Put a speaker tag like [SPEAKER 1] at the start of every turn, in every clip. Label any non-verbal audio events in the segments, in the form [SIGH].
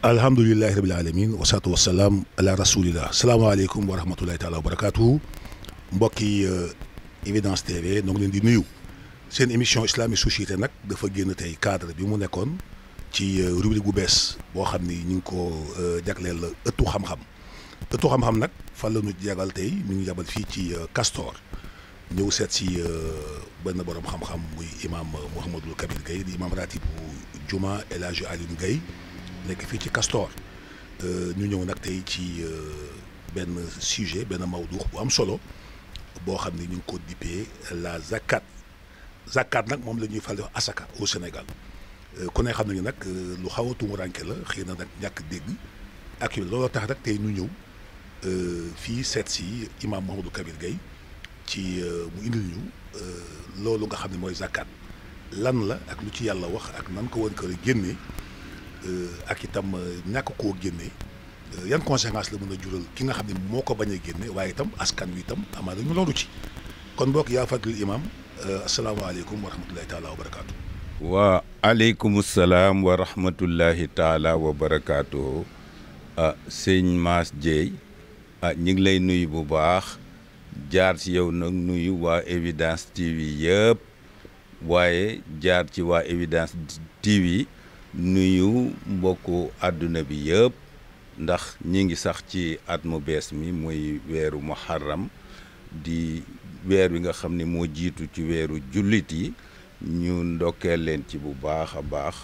[SPEAKER 1] alhamdulilahi rabil alamin wasalaatu wasalaam ala rasulillah salaamaaleykum wa rahmatulahi taala wa barakaatu mbokki euh, Evidence TV noo ngi leen di nuyu seen émission islam et société nag dafa génn tey kaadr bi mu nekkoon ci euh, rubrique bu bees boo xam ni ñu ngi ko euh, jagleel ëttu xam-xam ëttu xam-xam nag fan la ñu jagal tey mi ngi jabal fii ci Castor ñëw seet si benn borom xam-xam muy imam Mouhamadul Kabir Gueye di imam ratib bu juma El Hadj nekk fii ci Castor euh, ñu ñëw nag tey ci euh, benn sujet benn mawduux bu am solo boo xam ne ñu ngi ko dippee la zakat zakat nag moom la ñuy fal asaka au Sénégal euh, ku ne xam nañu nag lu xaw a tumuranke la xëy na nag ñàkk dégg ak yu looloo tax nag tey ñu ñëw fii seet si imaam Mouhamadou Kabir Gueye ci mu indi ñu loolu nga xam ne mooy zakat lan la ak lu ci yàlla wax ak nan ko woon kër génnee Euh, ak itam euh, ñàkk koo génne euh, yan conséquence la mën a jural ki nga xam ne moo ko bañ génne waaye itam askan wi itam amaana ñu loolu ci kon mbokk yaa fàttali imaam asalaamaaleykum wa rahmatulahi taala wa barakaatu.
[SPEAKER 2] waa aleykum salaam wa rahmatullahi taala wa barakaatu ñu ngi lay nuyu bu baax jaar ci yow nag nuyu waa Evidence TV yëpp waaye jaar ci waa Evidence TV. nuyu mbokku àdduna bi yëpp ndax ñi ngi sax ci at mu bees mi muy weeru muharram di weer bi nga xam ni moo jiitu ci weeru jullit yi ñu ndokkeel leen ci bu baax a baax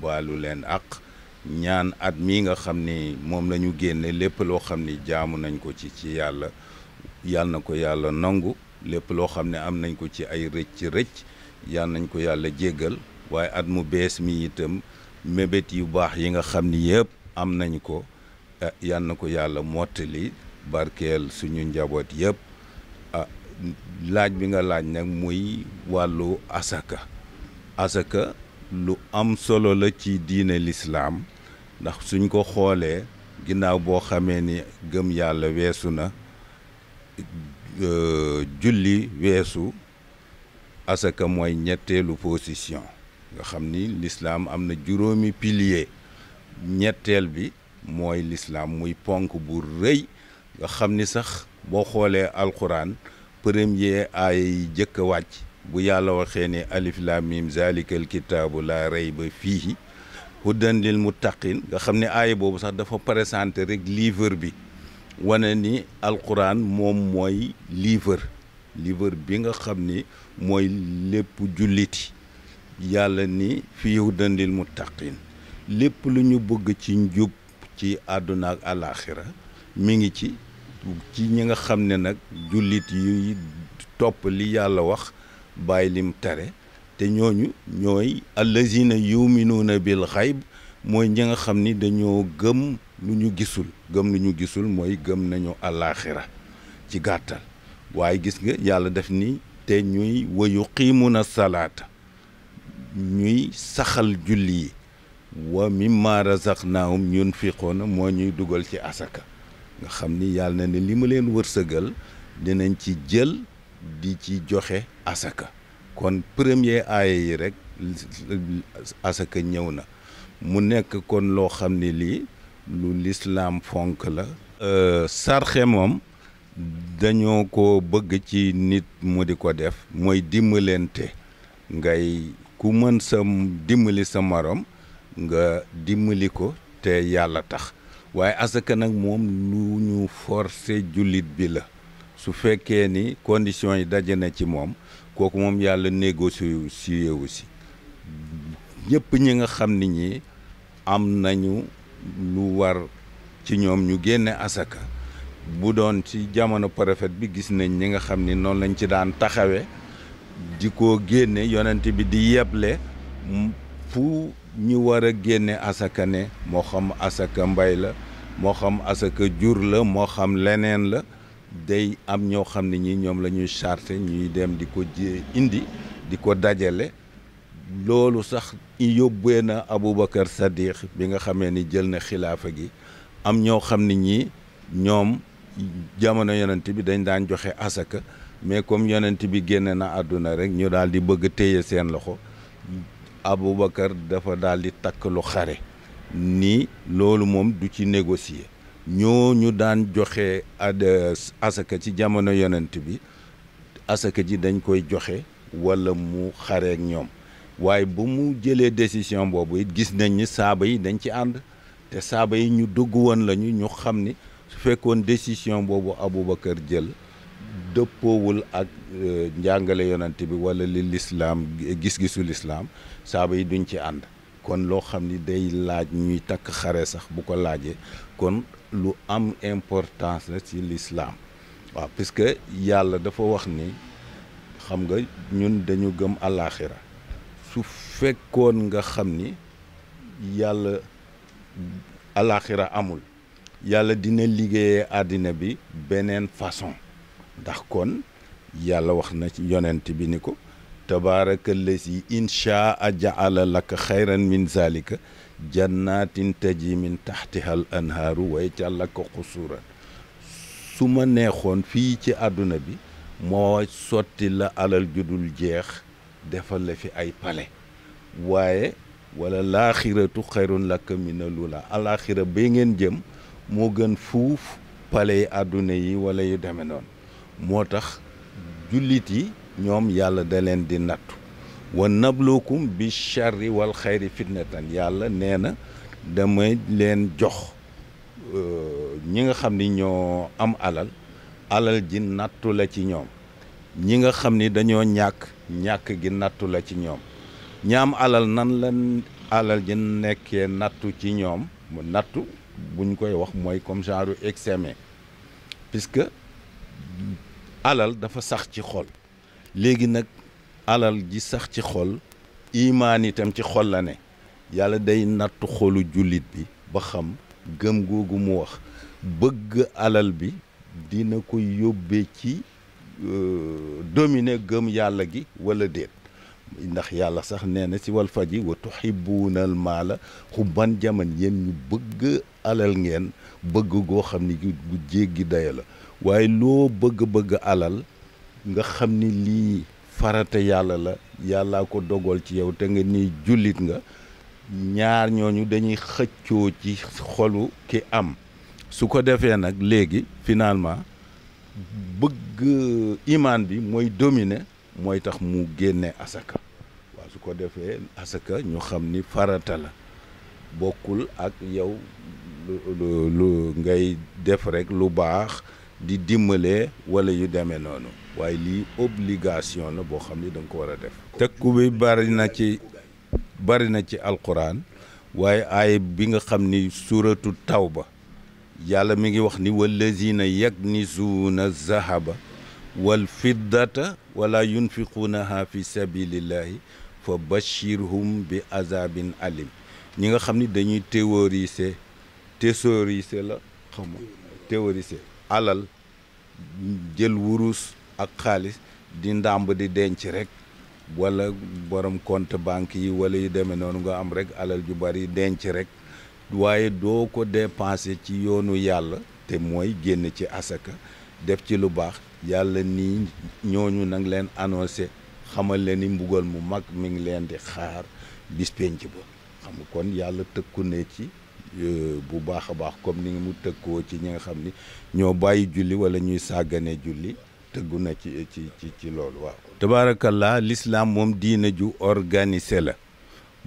[SPEAKER 2] baalu leen ak ñaan at mi nga xam ni moom lañu génne lépp loo xam ni jaamu nañ ko ci ci yàlla yal na ko yàlla nangu lépp loo xam ne am nañ ko ci ay rëcc rëcc yal nañ ko yàlla jéggal waaye at mu bees mi itam mébét yu baax yi nga xam ni yëpp am nañ ko eh, yal na ko yàlla mottali barkeel suñu njaboot yëpp ah laaj bi nga laaj nag muy wàllu asaka asaka lu am solo la ci diine lislaam ndax suñ ko xoolee ginnaaw boo xamee ni gëm yàlla weesu na eh, julli weesu asaka mooy ñetteelu position nga xam ni lislaam am na juróomi pilier ñetteel bi mooy lislaam muy ponk bu rëy nga xam ni sax boo xoolee alxuraan premier aaya yi jëkk a wàcc bu yàlla waxee ne alif laam miim zalikal kitaabu laa rayba fiihi hudan lil muttaqin nga xam ne aaya boobu sax dafa présenté rek livre bi wane ni alxuraan moom mooy livre livre bi nga xam ni mooy lépp julliti yàlla ni fi dëndil mu muttaqin lépp lu ñu bëgg ci njub ci àdduna ak alaaxira mi ngi ci ci ñi nga xam ne nag jullit yuy topp li yàlla wax bàyyi lim tere te ñooñu ñooy allazina yuminuuna bil xayb mooy ñi nga xam ni dañoo gëm lu ñu gisul gëm lu ñu gisul mooy gëm nañu alaaxira ci gàttal waaye gis nga yàlla def ni te ñuy wayu na salaata ñuy saxal julli yi wa mimma razaqnahum yunfiqoona moo ñuy dugal ci asaka nga xam ni yàlla na ne li ma leen wërsëgal dinañ ci jël di ci joxe asaka kon premier aaya yi rek asaka ñëw na mu nekk kon loo xam ne lii lu lislaam fonk la euh, sarxe moom dañoo ko bëgg ci nit mu di ko def mooy dimbalante ngay ku mën sa dimbali sa morom nga dimbali ko te yàlla tax waaye asaka nag moom lu ñu forcé jullit bi la su fekkee ni conditions yi daje na ci moom kooku moom yàlla négocier si yeewu si ñëpp ñi nga xam ni ñi am nañu lu war ci ñoom ñu génne asaka bu doon ci jamono prophète bi gis nañ ñi nga xam ni noonu lañ ci daan taxawee di ko génne yonent bi di yeble fu ñu war a génne asaka ne moo xam asaka mbay la moo xam asaka jur la moo xam leneen la day am ñoo xam ne ñi ñoom lañuy ñuy ñuy dem di ko indi di ko dajale loolu sax yóbbee na Aboubacar Sadiq bi nga xamee ni jël na xilaafa gi am ñoo xam ne ñi ñoom jamono yonent bi dañ daan joxe asaka mais comme yonent bi génne na àdduna rek ñu daal di bëgg téye seen loxo Aboubacar dafa daal di takk lu xare ni loolu moom du ci ñoo ñu daan joxe ad asaka ci jamono yonent bi asaka ji dañ koy joxe walla mu xaree ak ñoom waaye bu mu jëlee décision boobu it gis nañ ni saaba yi dañ ci ànd te saaba yi ñu dugg woon lañu ñu xam ni su fekkoon décision boobu Aboubacar jël dëppoowul ak euh, njàngale yonante bi wala li lislaam gis-gisu lislaam saaba yi duñ ci ànd kon loo xam ni day laaj ñuy takk xare sax bu ko laajee kon lu am importance la ci lislaam waaw que yàlla dafa wax ni xam nga ñun dañu gëm àllaaxira su fekkoon nga xam ni yàlla àllaaxira amul yàlla dina liggéeyee àddina bi beneen façon ndax kon yàlla wax na ci yonent bi ni ko tabaaraka lesi inchaa aja laka xayran min zalika jannatin ji min taxtiha al anhaaru way ca laka xusuuran su ma neexoon fii ci àdduna bi moo sotti la alal judul jeex defal la fi ay pale waaye wala laaxiratu xayrun laka mina lula alaaxira ba ngeen jëm moo gën fuuf pale yi àdduna yi wala yu deme noonu moo tax jullit yi ñoom yàlla da di nattu wa nabluukum bi charri wal xayri fitnatan yàlla nee na dama leen jox euh, ñi nga xam ni ñoo am alal alal ji nattu la ci ñoom ñi nga xam ni dañoo ñàkk ñàkk gi nattu la ci ñoom ñaam alal nan la alal ji nekkee nattu ci ñoom nattu buñ koy wax mooy comme genre examen puisque alal dafa sax ci xol léegi nag alal ji sax ci xol imaan itam ci xol la ne yàlla day nattu xolu jullit bi ba xam gëm googu mu wax bëgg alal bi dina ko yóbbe ci euh, dominer gëm yàlla gi walla déet ndax yàlla sax nee na ci wal faji wa tuhibbuunal maala xubban jaman yéen ñu bëgg alal ngeen bëgg goo xam ni gu jéggi dayo la waaye loo bëgg-bëgg alal nga xam ni lii farata yàlla la yàllaa ko dogal ci yow te nga ni jullit nga ñaar ñooñu dañuy xëccoo ci xolu ki am su ko defee nag léegi finalement bëgg imaan bi mooy domine mooy tax mu génne asaka waa su ko defee asaka ñu xam ni farata la bokkul ak yow lu lu ngay def rek lu baax di dimbalee walla yu demee noonu waaye lii obligation la boo xam ni da ko war a def tëkku bi bari na ci bari na ci alquran waaye aay bi nga xam ni suuratu tawba yàlla mi ngi wax ni wallazina yaknizuuna zahaba wal fiddata wala yunfiquunaha fi sabilillahi fa bashirhum bi azabin alim ñi nga xam ni dañuy théoriser thésauriser la xam nga alal jël wurus ak xaalis di ndàmb di denc rek walla borom compte banque yi walla yu demee noonu nga am rek alal ju bari denc rek waaye doo ko dépenser ci yoonu yàlla te mooy génn ci asaka def ci lu baax yàlla nii ñooñu nag leen annoncé xamal leen ni mbugal mu mag mi ngi leen di xaar bis ba xam kon yàlla tëkku ne ci Euh, bu baax a baax comme ni mu tëkkoo ci ñi nga xam ni ñoo bàyyi julli wala ñuy sàggane julli tëggu na ci ci ci ci loolu waaw. tabaarakallah lislaam moom diina ju organisé la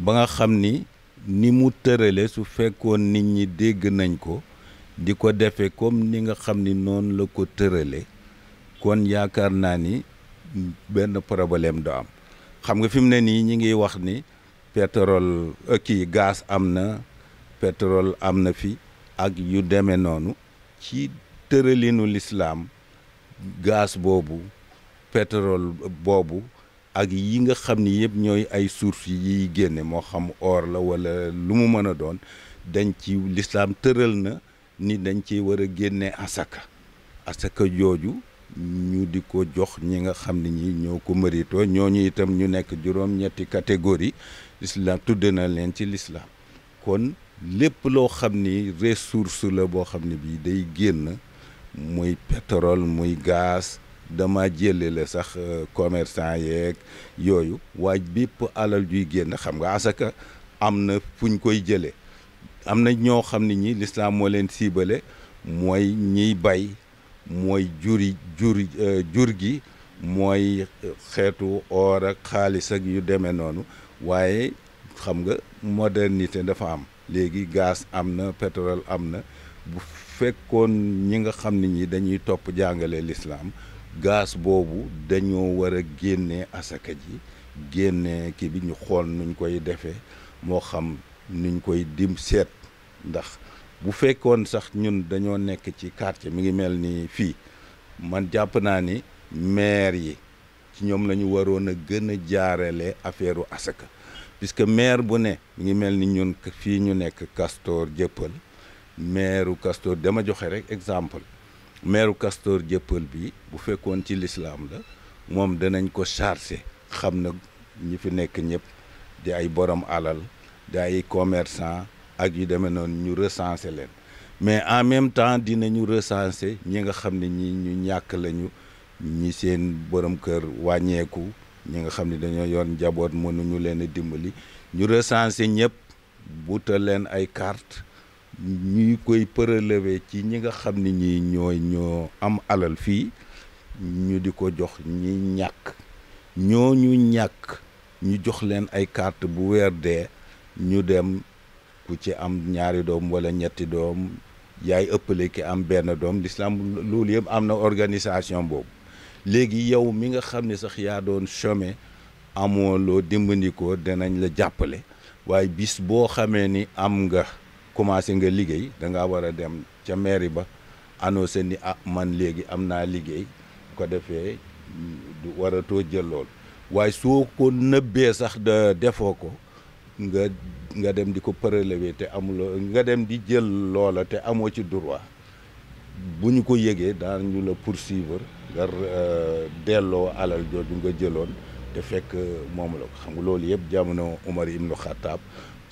[SPEAKER 2] ba nga xam ni ni mu tërale su fekkoon nit ñi dégg nañ ko di ko defee comme ni nga xam ni noon la ko tërale kon yaakaar naa ni benn problème do am xam nga fi mu ne nii ñi ngi wax ni petorol euh, kii gaas am na. pétrole am na fi ak yu deme noonu ci tëralinu lislaam gaz boobu pétrole boobu ak yi nga xam ni yëpp ñooy ay sources yiy génne moo xam or la wala lu mu mën a doon dañ ci lislaam tëral na ni dañ ci war a génne asaka asaka jooju ñu di ko jox ñi nga xam ne ñi ñoo ko mëritoo ñooñu itam ñu nekk juróom-ñetti catégorie lislaam tudd na leen ci lislaam kon lépp loo xam ni ressource la boo xam ne bii day génn muy pétrole muy gaas dama jële la sax euh, commerçant yeeg yooyu waaj bépp alal juy génn xam nga asaka am na fu ñu koy jëlee am na ñoo xam ne ñi lislaam moo leen siibale mooy ñiy bay mooy juri jur euh, jur gi mooy xeetu or ak xaalis ak yu demee noonu waaye xam nga modernité dafa am léegi gaz am na pétrole am na bu fekkoon ñi nga xam ne ñi dañuy topp jàngale lislaam gaz boobu dañoo war a génnee asaka ji génne kii bi ñu xool nuñ koy defee moo xam nuñ koy dim seet ndax bu fekkoon sax ñun dañoo nekk ci quartier mi ngi mel ni fii man jàpp naa ni maire yi ci ñoom la ñu waroon a gën a jaarale affaire u asaka puisque maire bu ne ngi mel ni ñun fii ñu nekk Castor Jëppal maireu Castor dama joxe rek exemple maireu Castor Jëppal bi bu fekkoon ci lislaam la moom danañ ko chargé xam na ñu fi nekk ñëpp di ay borom alal di ay commerçant ak yu demee noonu ñu recensé leen mais en même temps dinañu recensé ñi nga xam ne ñi ñu ñàkk lañu ñi seen borom kër wàññeeku ñi nga xam ni dañoo yoon njaboot mënuñu leen a dimbali ñu recenser ñëpp buutal leen ay carte ñuy koy prélever ci ñi nga xam ne ñi ñooy ñoo am alal fii ñu di ko jox ñi ñàkk ñoo ñu ñàkk ñu jox leen ay carte bu weer dee ñu dem ku ci am ñaari doom wala ñetti doom yaay ëppale ki am benn doom l'islam loolu yëpp am na organisation boobu léegi yow mi nga xam ne sax yaa doon chômer amoo loo dimbandikoo danañ la jàppale waaye bis boo xamee ni am nga commencé nga liggéey da ngaa war a dem ca mairie ba annoncé ni ah man léegi am naa liggéey ko defee du waratoo jël lool waaye soo ko nëbbee sax de defoo ko nga nga dem di ko prélever te amuloo nga dem di jël loola te amoo ci droit bu ñu ko yëgee daañu la poursuivre nga euh, delloo alal jooju nga jëloon te fekk euh, moom la ko xam nga loolu yëpp jamono Umar ibnu Xattaab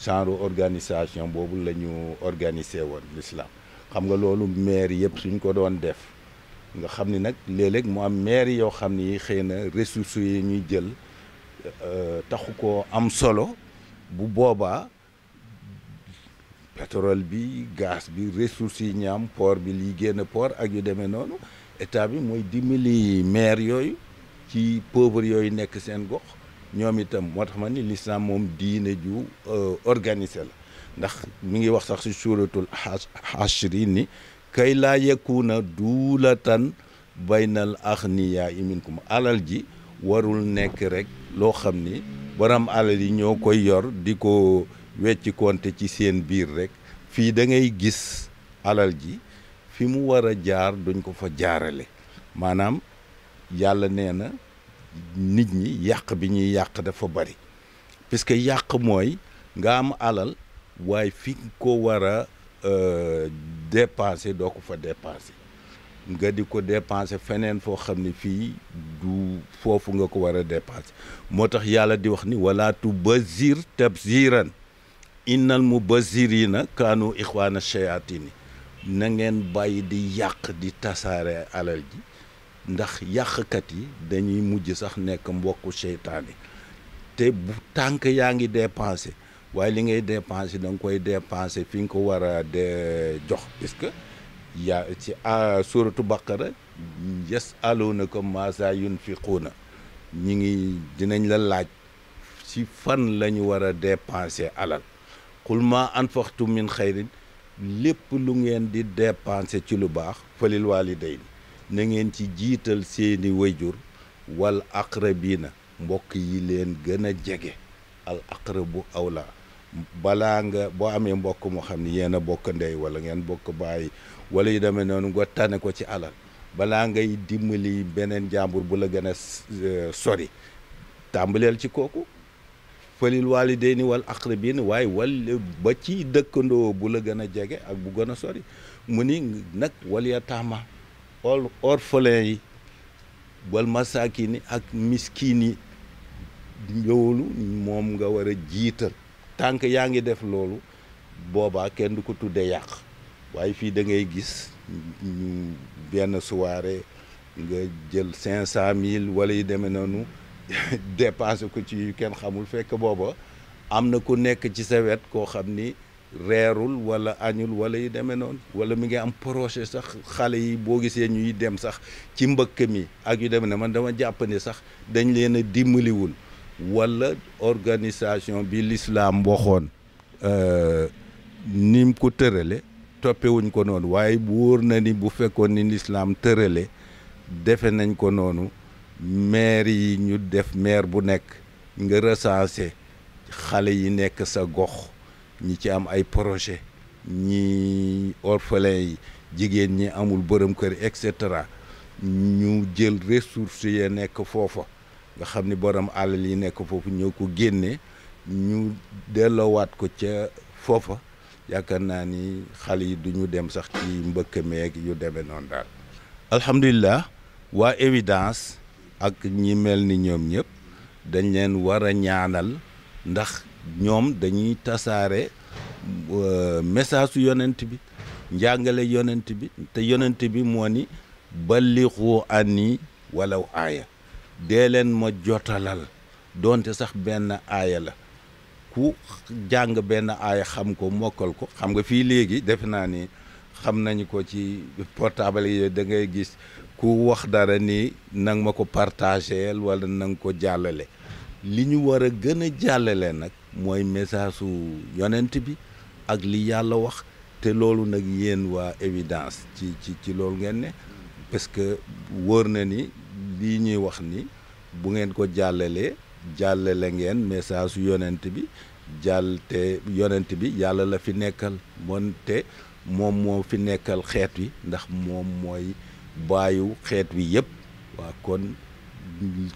[SPEAKER 2] genre organisation boobu la ñu organiser woon l'islam xam nga loolu maire yëpp suñ ko doon def nga xam ni nag léeg-léeg mu am maire yoo xam ni xëy na ressources yi ñuy jël euh, taxu ko am solo bu boobaa pétrole bi gaz bi ressources yi ñu am port bi liy génn port ak ñu demee noonu état bi mooy dimbali maire yooyu ci pauvre yooyu nekk seen gox ñoom itam moo tax ma ni l'islam moom diine ju euh, organisé la ndax mu ngi wax sax si suuratul hashri ni kay laa yekkuuna duulatan baynal axniyaa i ma alal ji warul nekk rek loo xam ni borom alal yi ñoo koy yor di ko wecci konte ci seen biir rek fii dangay gis alal ji fi mu war a jaar duñ ko fa jaarale maanaam yàlla nee na nit ñi yàq bi ñuy yàq dafa bari que yàq mooy nga am alal waaye fi ko war a euh, dépenser doo ko fa dépenser nga di ko dépenser feneen foo xam ne fii du foofu nga ko war a dépenser moo tax yàlla di wax ni ba wala tu bazir tabziran innal na kaanu ixwaana shayatini na ngeen bàyyi di yàq di tasaare alal ji ndax yàqkat yi dañuy mujj sax nekk mbokku seytaane te bu tànk yaa ngi dépensé waaye li ngay dépensé da nga koy dépensé fi nga ko war a de jox puisque yaa ci suratu baqara yes aloona ko maasa yunfiquuna ñi ngi dinañ la laaj ci fan la ñu war a dépensé alal qul ma anfaqtum min xayrin lépp lu ngeen di dépenser ci lu baax falil waaliday ni na ngeen ci jiital seeni wayjur wal na mbokk yi leen gën a jege al aw la bala nga boo amee mbokk moo xam ni yéen a bokk ndey wala ngeen bokk bàyyi wala yu demee noonu nga tane ko ci alal balaa ngay dimbali beneen jàmbur bu la gën a euh, sori tàmbaleel ci kooku falil waalidayni wal aqrabin waaye wal ba ci dëkkandoo bu la gën a jege ak bu gën a sori mu ni nag wal yataama or orphelin yi wal masaakin yi ak miskin yi loolu moom nga war a jiital tànk yaa ngi def loolu boobaa kenn du ko tuddee yàq waaye fii dangay gis benn soirée nga jël cinq cent mille wala yu demee noonu [LAUGHS] dépassé ko ci yu kenn xamul fekk booba am na ku nekk ci sa wet koo xam ni reerul walla añul wala yu demee noonu wala mi ngi am projet sax xale yi boo gisee ñuy dem sax ci mbëkk mi ak yu demee na man dama jàpp ne sax dañ leen a dimbaliwul wala organisation bi lislaam waxoon euh, ni mu ko tërale toppewuñ ko noonu waaye bu wóor na ni bu fekkoon ni lislaam tërale defe nañ ko noonu maire yi ñu def maire bu nekk nga recensé xale yi nekk sa gox ñi ci am ay projet ñi orphelin yi jigéen ñi amul bërëm kër et cetera ñu jël ressources yi nekk foofa nga xam ni borom alal yi nekk foofu ñëw ko génne ñu delloowaat ko ca foofa yaakaar naa ni xale yi duñu dem sax ci mbëkk meeg yu demee noonu daal alhamdulilah waa évidence ak ñi mel ni ñoom ñëpp dañ leen war a ñaanal ndax ñoom dañuy tasaare euh, message su yonent bi njàngale yonent bi te yonent bi moo ni balliqu ni walaw aaya dee leen ma jotalal donte sax benn aaya la ku jàng benn aaya xam ko mokkal ko xam nga fii léegi defe naa ni xam nañu ko ci portable yi da gis ku wax dara ni nang ma ko partageel wala nang ko jàllale li ñu war a gën a jàllale nag mooy message su yonent bi ak li yàlla wax te loolu nag yéen waa évidence ci ci ci loolu ngeen ne parce que wóor na ni lii ñuy wax ni bu ngeen ko jàllalee jàllale ngeen message su yonent bi jàll te yonent bi yàlla la fi nekkal moonte moom moo fi nekkal xeet wi ndax moom mooy baayu xeet wi yépp waa kon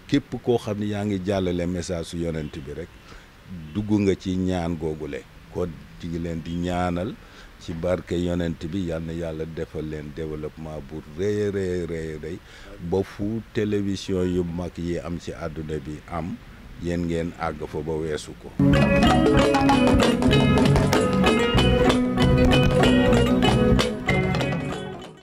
[SPEAKER 2] képp koo xam ne yaa ngi jàllale message su yonent bi rek dugg nga ci ñaan googule ko ci ngi leen di ñaanal ci barke yonent bi yal yàlla defal leen développement bu rëy rëy rëy rëy ba fu télévision yu mag yi am ci àdduna bi am yéen ngeen àgg fa ba weesu ko